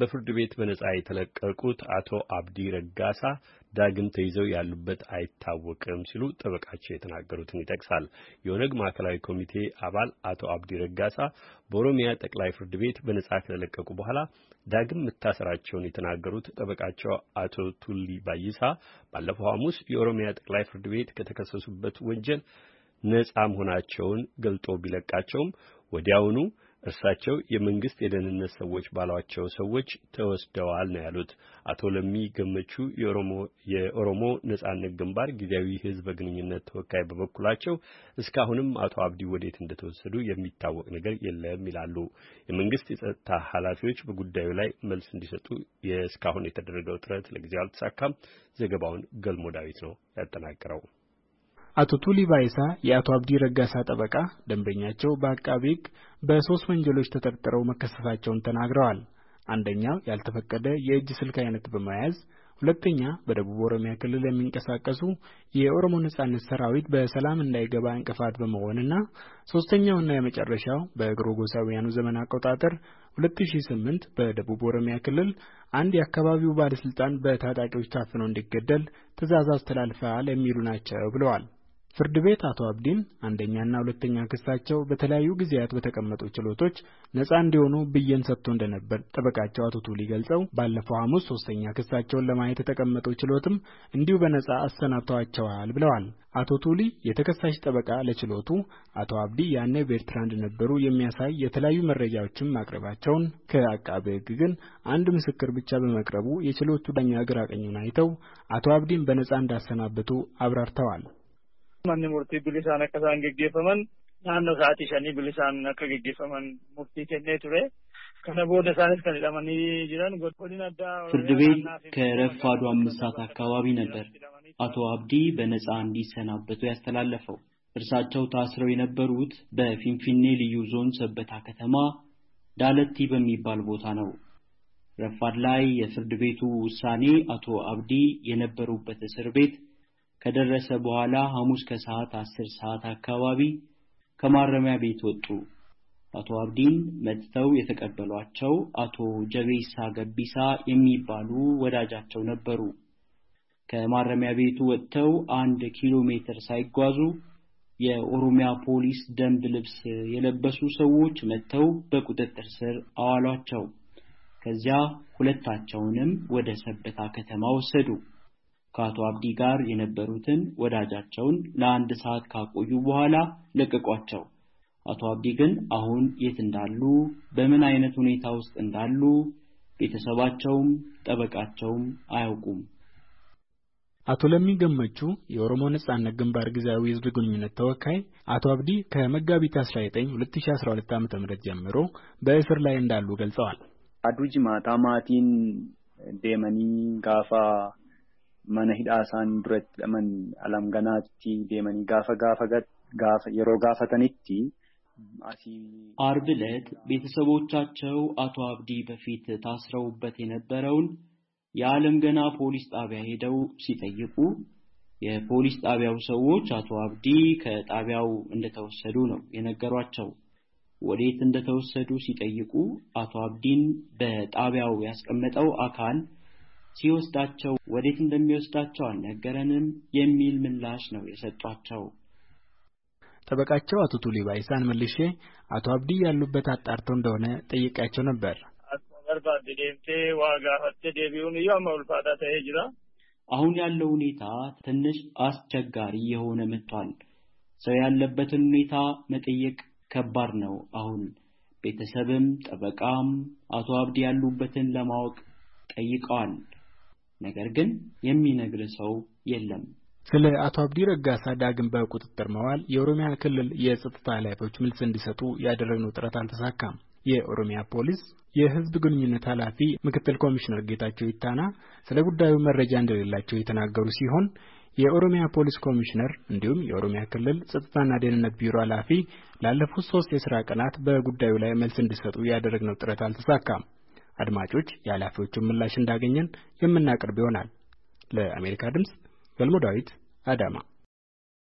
በፍርድ ቤት በነጻ የተለቀቁት አቶ አብዲ ረጋሳ ዳግም ተይዘው ያሉበት አይታወቅም ሲሉ ጠበቃቸው የተናገሩትን ይጠቅሳል። የኦነግ ማዕከላዊ ኮሚቴ አባል አቶ አብዲ ረጋሳ በኦሮሚያ ጠቅላይ ፍርድ ቤት በነጻ ከተለቀቁ በኋላ ዳግም መታሰራቸውን የተናገሩት ጠበቃቸው አቶ ቱሊ ባይሳ ባለፈው ሐሙስ የኦሮሚያ ጠቅላይ ፍርድ ቤት ከተከሰሱበት ወንጀል ነጻ መሆናቸውን ገልጦ ቢለቃቸውም ወዲያውኑ እርሳቸው የመንግስት የደህንነት ሰዎች ባሏቸው ሰዎች ተወስደዋል ነው ያሉት። አቶ ለሚ ገመቹ የኦሮሞ ነጻነት ግንባር ጊዜያዊ ህዝብ ግንኙነት ተወካይ በበኩላቸው እስካሁንም አቶ አብዲ ወዴት እንደተወሰዱ የሚታወቅ ነገር የለም ይላሉ። የመንግስት የጸጥታ ኃላፊዎች በጉዳዩ ላይ መልስ እንዲሰጡ የእስካሁን የተደረገው ጥረት ለጊዜው አልተሳካም። ዘገባውን ገልሞ ዳዊት ነው ያጠናቀረው። አቶ ቱሊ ባይሳ የአቶ አብዲ ረጋሳ ጠበቃ ደንበኛቸው በዐቃቤ ሕግ በሦስት ወንጀሎች ተጠርጥረው መከሰሳቸውን ተናግረዋል። አንደኛው ያልተፈቀደ የእጅ ስልክ አይነት በመያዝ ሁለተኛ በደቡብ ኦሮሚያ ክልል የሚንቀሳቀሱ የኦሮሞ ነጻነት ሰራዊት በሰላም እንዳይገባ እንቅፋት በመሆንና ሶስተኛውና የመጨረሻው ጎሳውያኑ ዘመን አቆጣጠር 2008 በደቡብ ኦሮሚያ ክልል አንድ የአካባቢው ባለስልጣን በታጣቂዎች ታፍኖ እንዲገደል ትእዛዝ አስተላልፈዋል የሚሉ ናቸው ብለዋል። ፍርድ ቤት አቶ አብዲን አንደኛና ሁለተኛ ክሳቸው በተለያዩ ጊዜያት በተቀመጡ ችሎቶች ነጻ እንዲሆኑ ብይን ሰጥቶ እንደነበር ጠበቃቸው አቶ ቱሊ ገልጸው፣ ባለፈው ሐሙስ ሶስተኛ ክሳቸውን ለማየት የተቀመጠው ችሎትም እንዲሁ በነጻ አሰናብተዋቸዋል ብለዋል። አቶ ቱሊ የተከሳሽ ጠበቃ ለችሎቱ አቶ አብዲ ያኔ በኤርትራ እንደነበሩ የሚያሳይ የተለያዩ መረጃዎችን ማቅረባቸውን፣ ከአቃቤ ሕግ ግን አንድ ምስክር ብቻ በመቅረቡ የችሎቱ ዳኛ ግራ ቀኙን አይተው አቶ አብዲን በነጻ እንዳሰናበቱ አብራርተዋል። Manni murtii bilisaan akka isaan gaggeeffaman naannoo sa'aatii shanii bilisaan akka gaggeeffaman murtii kennee ture. Kana booda isaanis kan hidhamanii jiran godin addaa. ፍርድ ቤት ከረፋዱ አምስት ሰዓት አካባቢ ነበር አቶ አብዲ በነጻ እንዲሰናበቱ ያስተላለፈው። እርሳቸው ታስረው የነበሩት በፊንፊኔ ልዩ ዞን ሰበታ ከተማ ዳለቲ በሚባል ቦታ ነው። ረፋድ ላይ የፍርድ ቤቱ ውሳኔ አቶ አብዲ የነበሩበት እስር ቤት ከደረሰ በኋላ ሐሙስ ከሰዓት አስር ሰዓት አካባቢ ከማረሚያ ቤት ወጡ። አቶ አብዲን መጥተው የተቀበሏቸው አቶ ጀቤሳ ገቢሳ የሚባሉ ወዳጃቸው ነበሩ። ከማረሚያ ቤቱ ወጥተው አንድ ኪሎ ሜትር ሳይጓዙ የኦሮሚያ ፖሊስ ደንብ ልብስ የለበሱ ሰዎች መጥተው በቁጥጥር ስር አዋሏቸው። ከዚያ ሁለታቸውንም ወደ ሰበታ ከተማ ወሰዱ። ከአቶ አብዲ ጋር የነበሩትን ወዳጃቸውን ለአንድ ሰዓት ካቆዩ በኋላ ለቀቋቸው። አቶ አብዲ ግን አሁን የት እንዳሉ፣ በምን አይነት ሁኔታ ውስጥ እንዳሉ ቤተሰባቸውም ጠበቃቸውም አያውቁም። አቶ ለሚ ገመቹ የኦሮሞ ነጻነት ግንባር ጊዜያዊ ህዝብ ግንኙነት ተወካይ፣ አቶ አብዲ ከመጋቢት 19 2012 ዓ.ም ጀምሮ በእስር ላይ እንዳሉ ገልጸዋል። አዱጅ ጅማታ ማቲን ደመኒ ጋፋ mana hidhaa isaan duratti hidhaman ganaatti deemanii gaafa gaafa yeroo gaafatanitti አርብ ዕለት ቤተሰቦቻቸው አቶ አብዲ በፊት ታስረውበት የነበረውን የዓለም ገና ፖሊስ ጣቢያ ሄደው ሲጠይቁ የፖሊስ ጣቢያው ሰዎች አቶ አብዲ ከጣቢያው እንደተወሰዱ ነው የነገሯቸው። ወዴት እንደተወሰዱ ሲጠይቁ አቶ አብዲን በጣቢያው ያስቀመጠው አካል ሲወስዳቸው ወዴት እንደሚወስዳቸው አልነገረንም የሚል ምላሽ ነው የሰጧቸው። ጠበቃቸው አቶ ቱሊ ባይሳን መልሼ አቶ አብዲ ያሉበት አጣርተው እንደሆነ ጠይቄያቸው ነበር። አሁን ያለው ሁኔታ ትንሽ አስቸጋሪ የሆነ መጥቷል። ሰው ያለበትን ሁኔታ መጠየቅ ከባድ ነው። አሁን ቤተሰብም ጠበቃም አቶ አብዲ ያሉበትን ለማወቅ ጠይቀዋል። ነገር ግን የሚነግር ሰው የለም። ስለ አቶ አብዲ ረጋሳ ዳግም በቁጥጥር መዋል የኦሮሚያ ክልል የጸጥታ ኃላፊዎች መልስ እንዲሰጡ ያደረግነው ጥረት አልተሳካም። የኦሮሚያ ፖሊስ የሕዝብ ግንኙነት ኃላፊ ምክትል ኮሚሽነር ጌታቸው ይታና ስለ ጉዳዩ መረጃ እንደሌላቸው የተናገሩ ሲሆን የኦሮሚያ ፖሊስ ኮሚሽነር እንዲሁም የኦሮሚያ ክልል ጸጥታና ደህንነት ቢሮ ኃላፊ ላለፉት ሶስት የስራ ቀናት በጉዳዩ ላይ መልስ እንዲሰጡ ያደረግነው ጥረት አልተሳካም። አድማጮች የኃላፊዎቹን ምላሽ እንዳገኘን የምናቀርብ ይሆናል። ለአሜሪካ ድምፅ ገልሞ ዳዊት አዳማ